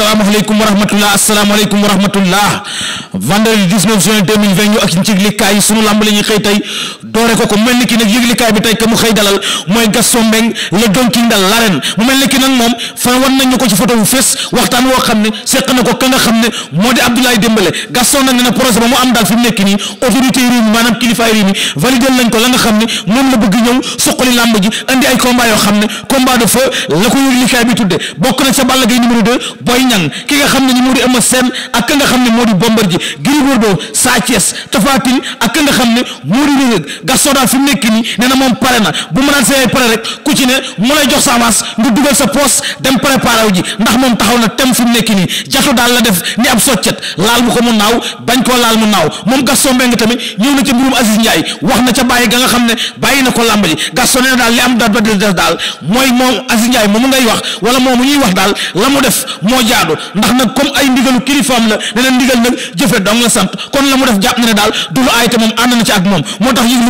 asalaamaaleykum wa rahmatullah asalaamaaleykum wa rahmatullah vendredi 19 juin 2020 ñu ak ci yëglekaay yi sunu lamb la ñuy xëy tey doore ko ko mu mel ni ki nag yëglikaay bi tey ka mu xëy dalal mooy Gaston Mbengue le Don King de mu mel ni ki nag moom fa wan nañu ko ci photo fees waxtaan woo xam ne seq na ko ka nga xam ne moo di Abdoulaye Dembélé Gaston nag nee na projet ba mu am daal fi nekk nii autorité réew mi maanaam kilifaay ko la nga xam ne moom la bëgg ñëw suqali làmb ji andi ay combat xam ne combat de feu la ko yëglikaay bi tudde bokk na ca Balla Gaye numéro 2 Boy Niang ki nga xam ne ni moo di Eumeu Sène ak ka nga xam ne moo di Bombardier Gris Bordeaux Sa Thiès Tapha Tine ak ka nga xam ne moo di Gaston daal fi mu nekk nii nee moom pare na bu mu naan pare rek ku ci ne mu lay jox sa avance nga dugal sa poos dem préparé wu ji ndax moom taxaw na tem fu mu nekk nii jatu daal la def ni ab soccet laal mu ko mu naaw bañ koo laal mu naaw moom Gaston Mbengue tamit ñëw na ca mbirum Aziz Ndiaye wax na ca bàyyi ga nga xam ne bàyyi na ko làmb ji Gaston ne daal li am daal ba di def daal mooy moom Aziz Ndiaye moomu ngay wax wala moomu ñuy wax daal la mu def moo jaadu ndax nag comme ay ndigalu kilifaam la nee na ndigal nag jëfe dong la sant kon la mu def jàpp na ne daal du na ci moom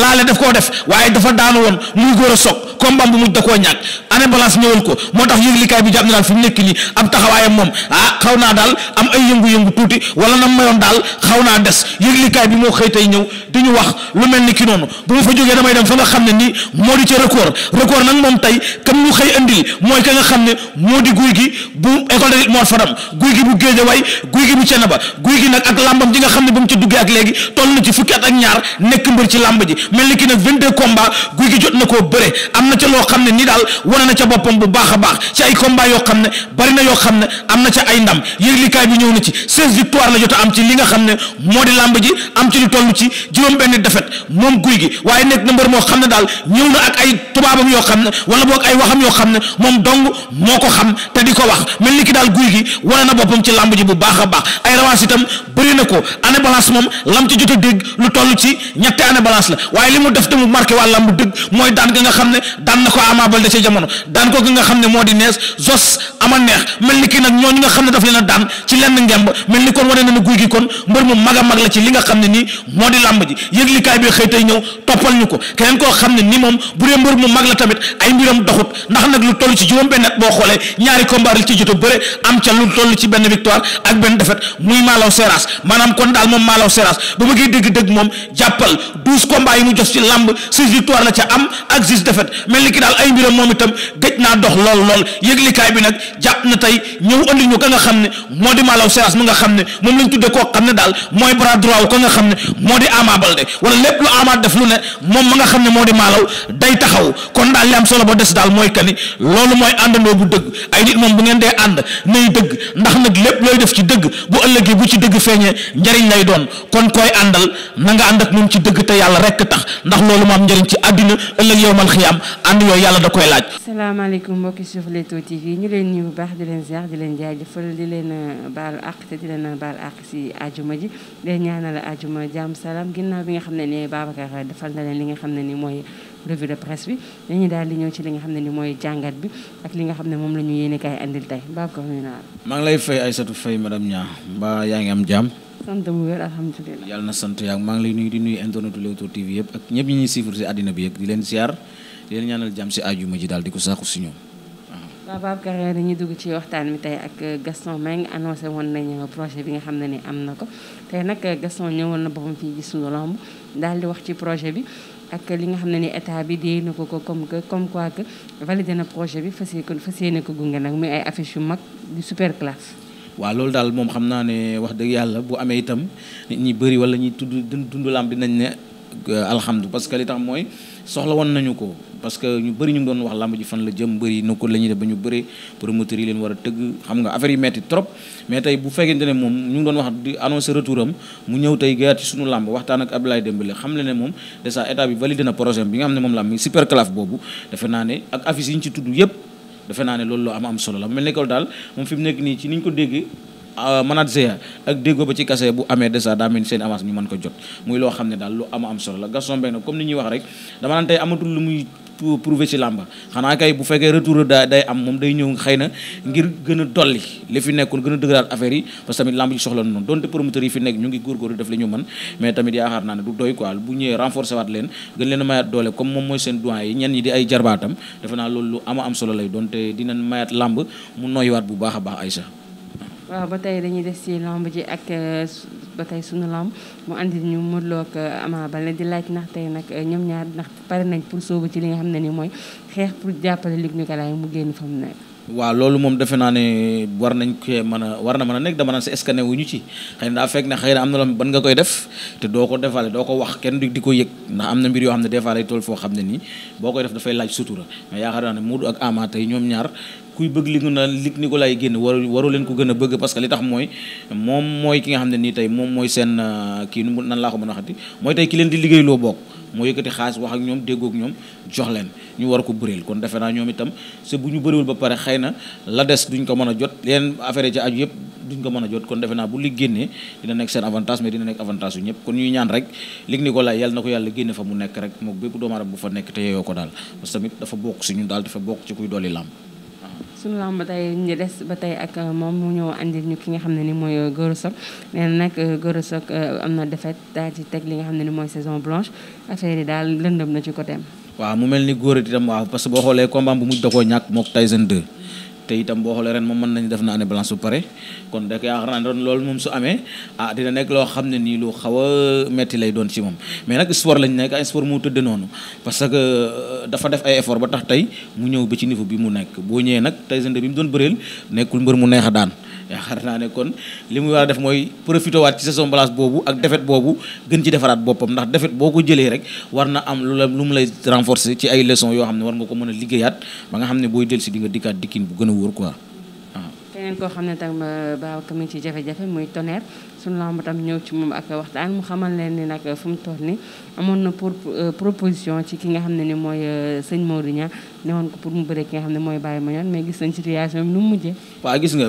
laale def koo def waaye dafa daanu woon muy góor a soog combat bu mujj da koo ñàkk année balance ñëwal ko moo tax yëglikaay bi jàpp na daal fi mu nekk nii ab taxawaayam moom ah xaw naa daal am ay yëngu-yëngu tuuti wala nam mayoon daal xaw naa des yëglikaay bi moo xëy tey ñëw di ñu wax lu mel ni ki noonu bu ma fa jógee damay dem fa nga xam ne nii moo di ca record record nag moom tey kam xëy andil mooy ka nga xam ne moo di guy gi bu école de Mor Fadam guy gi bu Géejawaay guy gi bu Cenaba guy gi nag ak làmbam ji nga xam ne ba mu ca duggee ak léegi toll na ci fukki ak ñaar nekk mbër ci làmb ji mel ni ki nag 22 combat guy gi jot na koo bëre am na ca loo xam ne ni daal wane na ca boppam bu baax baax ci ay combat yoo xam ne bari na yoo xam ne am na ca ay ndam yëglikaay bi ñëw na ci seize victoire la jot a am ci li nga xam ne moo di làmb ji am ci lu toll ci juróom-benn defet moom guy gi waaye nekk na mbër moo xam ne daal ñëw na ak ay tubaabam yoo xam ne wala boog ay waxam yoo xam ne moom dong moo ko xam te di ko wax mel ni ki daal guy gi wane na boppam ci làmb ji bu baax a baax ay revanche itam bëri na ko année balance moom lam ci jot a dégg lu toll ci ñetti année balance la waaye li mu def te mu marqué waa làmb dëgg mooy daan ga nga xam ne daan na ko Ama Baldé daan ko ki nga xam ne moo di nees zos ama neex mel ni kii nag ñooñu nga xam ne daf leen a daan ci lenn ngemb mel ni kon wane na guy gi kon mbër mu mag a mag la ci ne nii moo di làmb ji yëglikaay bi xëy tey ñëw koo xam ne ni moom bu dee mu mag la tamit ay mbiram doxut ndax nag lu toll ci juróom benn at boo xoolee ñaari combat la ci jot a bëre am ca lu toll ci benn victoire ak benn défaite muy maalaw seeraas maanaam kon daal moom maalaw seeraas ba ma ngi dégg-dégg moom jàppal douze combat yi mu jos ci làmb six victoire la ca am ak six défaite mel ni ki daal ay mbiram moom itam gëj naa dox lool lool yëglikaay bi nag jàpp na tey ñëw andi ñu ka nga xam ne moo di Malaw Seras mu nga xam ne moom lañ tuddee koo xam ne daal mooy bras droit ka nga xam ne moo di Ama Baldé wala lépp lu Ama def lu ne moom ma nga xam ne moo di Malaw day taxaw kon daal li solo ba des daal mooy kani loolu mooy àndandoo bu dëgg ay nit moom bu ngeen dee ànd nay dëgg ndax nag lépp looy def ci dëgg bu ëllëgee bu ci dëgg feeñee njariñ lay doon kon koy àndal na nga ànd ak moom ci dëgg te yàlla rekk tax ndax loolu ma am njariñ ci àddina ëllëg yow mal xiyaam ànd yooyu yàlla da koy laaj salaamaaleykum mbokki suuf Leewtoo TV ñu leen nuyu bu baax di leen ziar di leen jaajëfal di leen euh, baalu àq te di leen euh, baal àq si ajuma ji di ñaanal ajuma jàmm salaam bi nga xam ne ni Babacar defal leen li nga xam ne ni mooy revue de presse bi dañuy daal di ñëw ci li nga xam ne ni mooy jàngat bi ak li nga xam ne moom la ñu yéene kaay andil tey Babacar nuyu naa maa ngi lay fay Aïssatou Faye madame Niang mbaa yaa ngi am jàmm. sant bu wér alhamdulilah. yàlla na sant yaa maa ngi lay nuyu di nuy internetu Leewtoo TV yëpp ak ñëpp ñi ñuy si àddina bi yëpp di leen ziar leen ñaanal jàmm si ajuma ji daal di ko saaku si ñoom waaw Babacar dañuy dugg ci waxtaan mi tey ak Gaston Mbengue annoncé woon nañu projet bi nga xam ne ni am na ko tey nag Gaston ñëwoon na boppam fii gis suñu lamb daal di wax ci projet bi ak li nga xam ne ni état bi déy na ko ko comme que comme quoi que validé na bi fas yéene fas yéene ko gunge nag muy ay affiche yu mag di super classe. waaw loolu daal moom xam naa ne wax dëgg yàlla bu amee itam nit ñi bëri wala ñi tudd dund lamb dinañ ne. Euh, alhamdulilah parce que li tax mooy soxla woon nañu ko parce que ñu bëri ñu ngi doon wax làmb ji fan la jëm bëri na ko la ñuy ba ñu bëri promoteur yi leen war a tëgg xam nga affaire yi metti trop mais tey bu fekkente ne moom ñu ngi doon wax di annoncer retour mu ñëw tey gayaat ci suñu làmb waxtaan ak Abdoulaye Dembélé xam le ne moom dèjà état bi validé na projet bi nga xam ne moom làmb super claf boobu defe naa ne ak affiche yi ñu ci tudd yépp defe Euh, manager ak déggoo ba ci kase bu amee dèjà daa mel ni seen avance ñu mën ko jot muy loo xam ne daal lu ama am solo la Gaston Mbengue nag comme ni ñuy wax rek dama bu fekkee retour da am moom day ñëw xëy na ngir gën a a dëgëraat affaire yi parce que tamit làmb ji soxla noonu donte promoteurs yi fi nekk ñu ngi góorgóorlu def li ñu mën mais tamit yaakaar naa ne du doy a mayaat doole comme moom mooy seen doyen yi ñenn ñi di ay jarbaatam am solo lay donte dinañ mayaat làmb mu noyyiwaat bu baax a baax ay sax waa ba tey dañuy des ci lamb ji ak euh, ba tey sunu lamb mu andi ñu Modou Lo ak euh, Ama Baldé di laaj ndax tey nag euh, ñoom ñaar ndax pare nañ pour sóobu ci li nga xam ne ni mooy xeex pour jàppale Luc Nicolaï mu génn waaw loolu moom defe naa ne war nañ koy mën a war na mën a nekk dama naan sa scanné wu ñu ci xëy na daa fekk ne xëy na am na loo ban nga koy def te doo ko defaale doo ko wax kenn di ko yëg ndax am na mbir yoo xam ne des fois lay toll foo xam ne nii boo koy def dafay laaj sutura mais yaakaar naa ne Modou ak Ama tey ñoom ñaar kuy bëgg li nga naan Luc Nicolaï ko gën a bëgg parce que li tax mooy moom mooy ki nga xam ne nii tey moom mooy seen euh, kii nu nan laa ko mën a xati mooy tey ki leen di liggéey loo bokk moo yëkkati xaalis wax ak ñoom déggoog ñoom jox leen ñu war ko bëreel kon defe naa ñoom itam c'est bu a jot leen ko mën a jot kon defe naa bu li génnee dina nekk seen avantage mais dina nekk avantage yu ñëpp kon ñuy ñaan rek Luc Nicolaï yàlla na ko yàlla génne fa mu nekk rek moom bépp doomu bu fa nekk te yeeyoo ko daal suñu lamb ba tey ñu des ba tey ak euh, moom mu ñëw andil ñu ki nga xam ne ni mooy euh, Gora Sock nee nag euh, Gora Sock am na defet daal ci teg li nga xam ne ni mooy saison blanche affaire yi daal lëndëm na ci côté am. waaw mu mel ni góor itam waaw parce boo xoolee combat bu mujj da koo ñàkk mook Tyson 2 te itam boo xoolee ren moom mën nañu def na année blanche su pare kon da yaakaar naa ren loolu moom su amee ah dina nekk loo xam ne nii lu xaw a metti lay doon ci moom mais nag sport lañ nekk ay sport moo tëdd noonu parce que euh, dafa def ay effort ba tax tey mu ñëw ba ci niveau bi mu nekk boo ñëwee nag tey seen bi mu doon bëreel nekkul mbër mu neex a daan yaakaar naa ne kon li muy war a def mooy profité ci saison place boobu ak defet boobu gën ci defaraat boppam ndax defet boo ko jëlee rek war na am lu la lu mu lay renforcer ci ay leçons yoo xam ne war nga ko mën a liggéeyaat ba nga xam ne booy dellu si dikkaat dikkin bu gën a wóor quoi waaw. keneen koo xam ne tam euh, baaw mi ci jafe-jafe muy tonnerre. suñu lamb tam ñëw ci moom ak waxtaan mu xamal leen ni nag fu mu toll ni amoon na pour euh, proposition ci ki nga xam ne ni mooy euh, sëñ Modou Niang ne ko pour mu bëree ki nga xam ne mooy Baye Mandione mais gis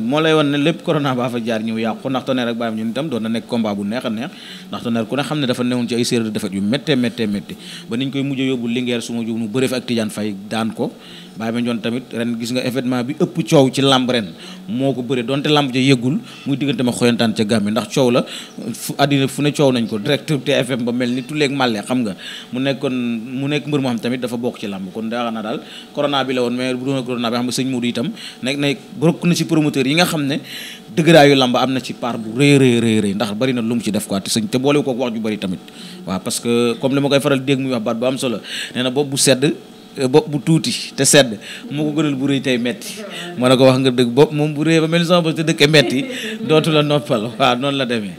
moo lay wan ne lépp corona baa fa jaar ñëw yàqu ndax Tonnerre ak Baye Mandione nekk combat bu neex a neex ndax Tonnerre ku ne xam ne dafa newoon ci ay série de yu métte métte métte ba niñ koy mujjee yóbbu Linguère suma jub mu bëree fi ak Tidiane Faye daan ko Baye Mandione tamit ren gis nga événement bi ëpp coow ci lamb ren moo ko bëree donte lamb ja yëggul coow la fu àddina fu ne coow nañ ko direct TFM ba mel ni tuleeg màlle xam nga mu nekkoon mu nekk mbër moo xam tamit dafa bokk ci làmb kon daa na daal corona bi la woon mais bu doon corona bi xam nga sëñ Modou itam nekk na bokk na ci promoteur yi nga xam ne dëgëraayu làmb am na ci part bu rëy rëy ndax bari na ci def quoi te sëñ te boolewu ko wax ju bari tamit waaw parce comme li ma koy faral dégg muy wax baat bu am solo nee na bu sedd Euh, bopp bu tuuti te sedd moo ko gënal bu rëy tey metti moo la ko wax nga dëgg bopp moom bu rëy ba mel ni sama bopp te dëkke metti dootu la noppal waaw noonu la demee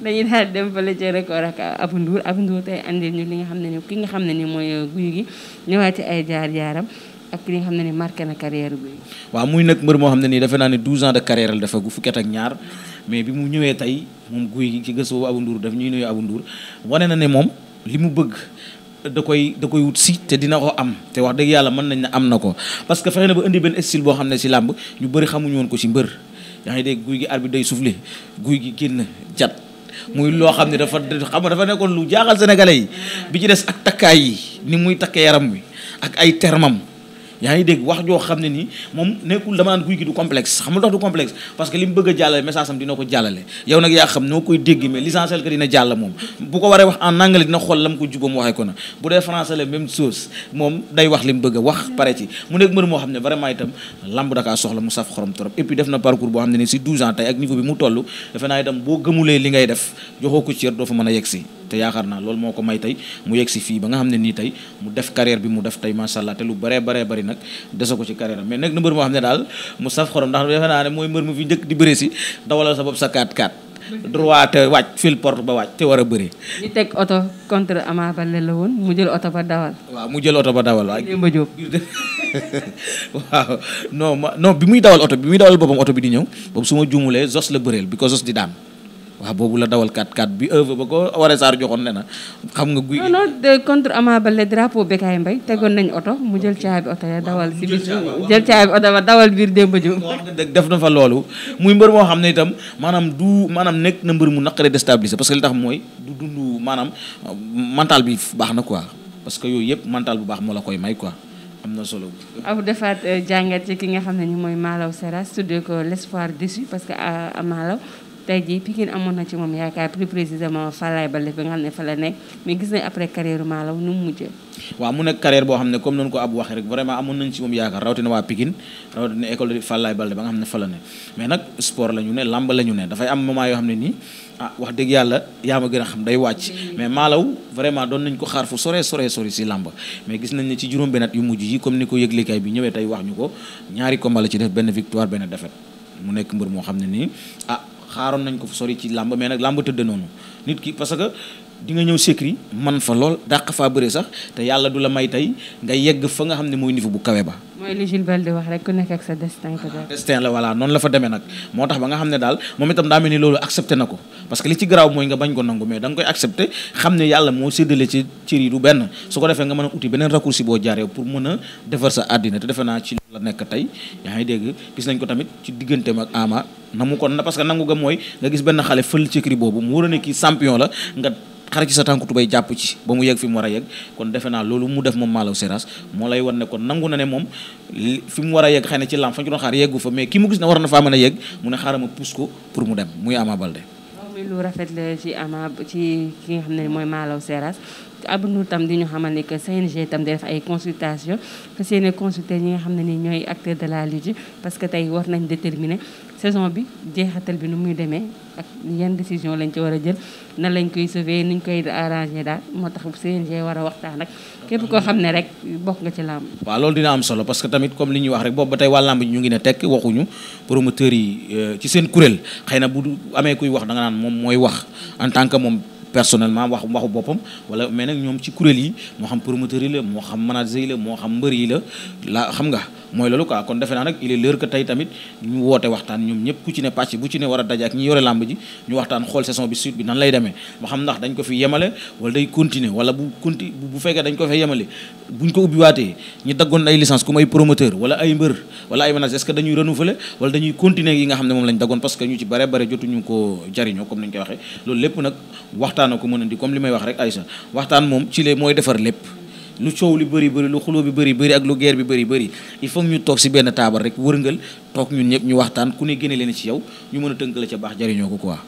dañuy daal dem fële ci record ak Abou Ndour Abou Ndour tey andil ñu li nga xam ne ni ki nga xam ne ni mooy euh, guy gi ñëwaat ci ay jaar-jaaram ak li nga xam ne ni marqué na carrière bi waa muy nag mbër moo xam ne nii defe naa ne 12 ans de carrière la dafa gu fukki ak ñaar mais bi mu ñëwee tey moom guy gi ci gëstu Abou nduur daf ñuy nuyu Abou Ndour wane na ne moom li mu bëgg da koy da koy wut si te dina ko am te wax dëgg yàlla mën nañ ne am na ko parce que fexe na ba indi benn style boo xam ne si làmb ñu bari xamuñu woon ko si mbër yaa ngi dégg guy gi arbitre day soufflé guy gi génn jat muy loo xam ne dafa xam dafa nekkoon lu jaaxal sénégalais yi bi ci des ak takkaay yi ni muy takkee yaram wi ak ay termam yaa ngi dégg wax joo xam ne nii moom nekkul dama naan guy gi du complexe xam nga du complexe parce que li mu bëgg a jàllale message ko jàllale yow nag yaa xam koy dégg mais l'essentiel que dina moom bu ko waree wax en anglais dina xool la mu ko jubam waxee ko na bu dee français la même chose moom day wax li mu bëgg wax pare ci mu nekk mbër moo xam ne vraiment itam lamb dakaa soxla mu saf xorom trop et puis def na parcours boo xam ne nii si 12 ans tey ak niveau bi mu toll defe naa itam boo gëmulee li ngay def joxoo ko cër doo fa mën a yegg si te yaakaar naa loolu moo ko may tey mu yegg si fii ba nga xam ne nii tey mu def carrière bi mu def tey macha allah te lu bare bëree bari nag dese ko ci carrière mais nekk na mbër moo xam ne daal mu saf xorom ndax defe naa ne mooy mbër mu fi njëkk di bëre si dawalal sa bopp sa 4-4 droit te wàcc port ba waaj te war a bëri. ñu oto contre Ama Baldé la woon mu jël oto ba dawal. waaw mu jël oto ba dawal waaye. Demba Diop waaw non non bi muy dawal oto bi muy dawal boppam oto bi di ñëw boobu su ma juumulee Zos la bëreel bi ko Zos di daan. waaw boobu la dawal 4-4 bi œuvre ba ko Waré Sarr joxoon ne na xam nga. guy non non de contre Ama Baldé drapeau Bécaye Mbaye tegoon nañ oto mu jël caabi oto ya dawal. si biir jël caabi oto def na fa loolu muy mbër moo xam ne itam maanaam du maanaam nekk na mbër mu naqaree déstabiliser parce que li tax mooy du dund maanaam euh, mental bi baax na quoi parce que yooyu yëpp mental bu baax moo la koy may quoi. am na solo aw defaat euh, jàngat ci ki nga xam ne ni mooy tey jii Pikine amoon na ci moom yaakaar plus précisément Falaye Baldé bi nga xam ne fa la nekk mais gis nañ après carrière Malaw nu mu mujjee waaw mu nekk carrière ne comme wax dëgg yàlla yaa ma gën a xam day wàcc mais Malaw vraiment doon nañ ko xaar fu sore sore sori si làmb mais gis nañ ne ci juróom yu mujj yi comme ni ko yëglikaay bi ñëwee tey wax ñu ko ñaari combat la ci def benn victoire benn mu nekk mbër moo xam ne nii ah xaaroon nañ ko fu sori ci làmb mais nag làmb tëdd noonu nit ki parce que dinga ñëw sécri man fa lool dàq faa bari sax te yàlla du la may tey nga yegg fa nga xam ne mooy niveau bu kawe ba. wax rek ku nekk ah, la noonu la demee nag moo tax ba nga xam ne daal moom itam daa mel ni loolu accepté na ko parce que li ci garaaw mooy nga bañ ko nangu mais da nga koy accepté xam ne yàlla moo séddale ci cër benn su ko defee nga mën a uti beneen raccourci boo jaaree pour mën a defar sa àddina te defe naa ci la nekk tey yaa ngi dégg gis nañ ko tamit ci digganteem ak Ama. na mu kon parce que nangu ga mooy nga gis benn xale fël ci cri boobu mu war a ne la nga xara ci sa tànku tubay jàpp ci ba mu yegg fi mu war a yegg kon defe naa loolu mu def moom Malaw Seras moo lay wan ne kon nangu na ne a yegg xëy na ci lam fañ ko doon xaar yeggu fa ki mu gis ne war na a yegg mu ne xaaral mu dem muy ci Ama xam ne mooy Malaw Seras ab nu tam di ñu xamal ne que CNG tam def ay consultation parce que yéen consulté ñi nga xam ne ni ñooy acteur de la lutte parce que tey war nañ déterminer. saison bi jeexatal bi nu muy demee ak yan décision lañ ci war a jël na lañ koy sauver ñu koy arrangé daal moo tax CNG war a waxtaan ak képp koo xam ne rek bokk nga ci làmb waaw loolu dina am solo parce que tamit comme li ñuy wax rek boobu ba tey waa làmb ñu ngi ne tekk waxuñu promoteurs yi euh, ci seen kuréel xëy na bu amee kuy wax da nga naan moom mooy wax en tant que moom personnellement wax waxu boppam wala mais nag ñoom ci kuréel yi moo xam promoteur yi la moo xam manager yi la moo xam mbër yi la la xam nga mooy loolu quoi defe naa nag ku ci ne pàcc bu ci ne war a daje ak ko fi yemale wala day continuer wala bu moom lañ daggoon parce que ñu ci bare bare jotuñu ko jariñoo comme nañ koy waxee loolu lépp nag waxtaan waxtaan ko mën a moom ci lee mooy defar lépp lu coow li bëri lu xuloo bi bëri bëri ak lu guerre bi bëri bëri il faut ñu toog si benn taabal rek wërngal toog ñun ñëpp ñu waxtaan ku ne génne leen ci yow ñu mën a tënk la ca baax jariñoo ko quoi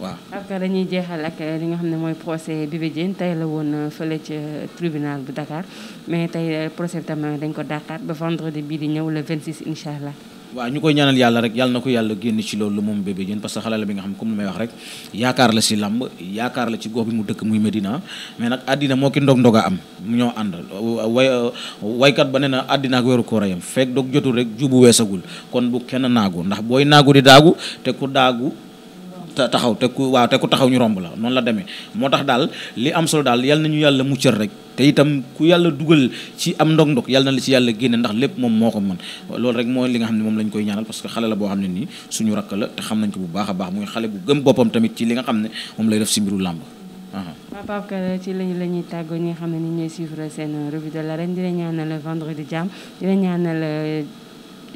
waaw. ak dañuy jeexal ak li nga xam ne mooy procès Bébé Diène tey la woon fële ca tribunal bu Dakar mais tey procès bi tamit dañ ko dàqaat ba vendredi bii di ñëw le 26 incha allah. waaw ñu koy ñaanal yàlla rek yàlla na ko yàlla génn ci loolu moom bébé jën parce que xale la bi nga xam comme lu may wax rek yaakaar la si làmb yaakaar la ci gox bi mu dëkk muy Medina mais nag àddina moo ki ndog ndoga am ñoo ànd way waykat ba ne na àddina ak weeru koor a yam fekk dog jotul rek jubu weesagul kon bu kenn naagu ndax booy naagu di daagu te ku daagu taxaw te ku waaw te ku taxaw ñu romb la noonu la demee moo tax daal li am solo daal yal nañu yàlla muccal rek te itam ku yàlla dugal ci am ndog-ndog yal na la ci yàlla génne ndax lépp moom moo ko mën loolu rek mooy li nga xam ne moom lañ koy ñaanal parce que xale la boo xam ne nii suñu rakk la te xam nañ ko bu baax a baax muy xale bu gëm boppam tamit ci li nga xam ne moom lay def si mbiru làmb Papa Abkara ci lañu la ñuy tàggoo ñi nga xam ne ni ñooy suivre seen revue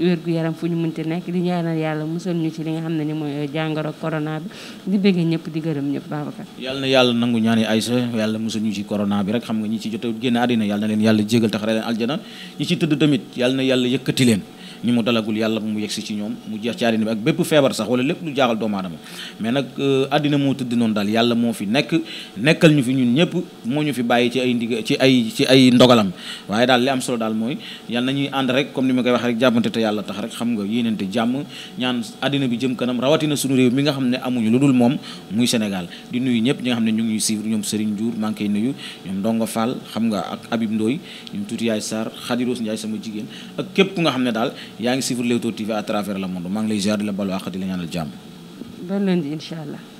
wér gu yaram fu ñu munti nekk di ñaanal yàlla musal ñu ci li nga xam ne ni mooy euh, jàngoro corona bi di bëggee ñëpp di gërëm ñëpp Babacar yàlla na yàlla nangu ñaani Aïssa yàlla musal ñu ci corona bi rek xam nga ñi ci jot a génn àddina yàlla na leen yàlla jégal tax leen aljana ñi ci tëdd tamit yàlla na yàlla yëkkati leen ñu mu dalagul yàlla mu yegsi ci ñoom mu jeex ci àddina bi ak bépp feebar sax wala lépp lu jaaxal doomu mais nag euh, àddina moo tëdd noonu daal yàlla moo fi nekk nekkal ñu fi ñun ñëpp moo ñu fi bàyyi ci ay ndig ci ay ci ay ndogalam waaye daal li am solo daal mooy yal nañuy ànd rek comme ni ma koy wax rek jàppante te yàlla tax rek xam nga yéenante jàmm ñaan àddina bi jëm kanam rawatina suñu réew mi nga xam ne amuñu lu dul moom muy Sénégal di nuyu ñëpp ñi nga xam ne ñu ngi ñuy suivre ñoom Serigne Diour maa ngi nuyu ñoom Ndongo Fall xam nga ak Habib Ndoye ñoom Tuuti Yaay Sarr Khadiros Ndiaye sama jigéen ak képp ku nga xam ne daal yaa ngi suivre Leewtoo TV à travers le monde maa ngi lay ziar di la balu àq di la ñaanal jàmm. ba lundi allah.